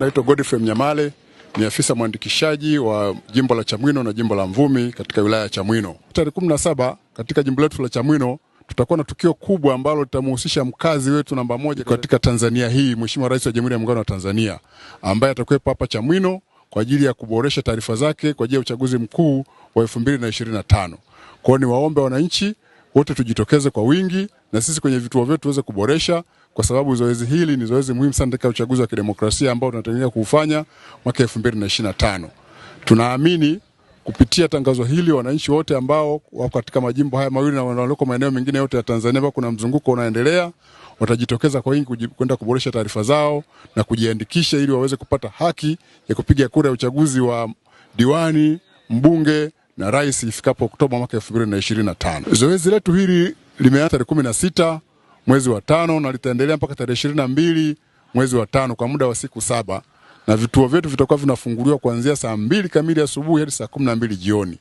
Naitwa Godfrey Mnyamale, ni afisa mwandikishaji wa jimbo la Chamwino na jimbo la Mvumi katika wilaya ya Chamwino. Tarehe kumi na saba katika jimbo letu la Chamwino tutakuwa na tukio kubwa ambalo litamhusisha mkazi wetu namba moja katika Tanzania hii, Mheshimiwa Rais wa Jamhuri ya Muungano wa Tanzania ambaye atakuwepo hapa Chamwino kwa ajili ya kuboresha taarifa zake kwa ajili ya uchaguzi mkuu wa 2025. Kwa hiyo niwaombe wananchi wote tujitokeze kwa wingi na sisi kwenye vituo vyetu tuweze kuboresha kwa sababu zoezi hili ni zoezi muhimu sana katika uchaguzi wa kidemokrasia ambao tunategemea kuufanya mwaka 2025. Tunaamini kupitia tangazo hili wananchi wote ambao wako katika majimbo haya mawili na walioko maeneo mengine yote ya Tanzania ambao kuna mzunguko unaendelea watajitokeza kwa wingi kwenda kuboresha taarifa zao na kujiandikisha ili waweze kupata haki ya kupiga kura ya uchaguzi wa diwani, mbunge na rais ifikapo Oktoba mwaka 2025. Zoezi letu hili limeanza tarehe 16 mwezi wa tano na litaendelea mpaka tarehe ishirini na mbili mwezi wa tano kwa muda wa siku saba na vituo vyetu vitakuwa vinafunguliwa kuanzia saa mbili kamili asubuhi hadi saa kumi na mbili jioni.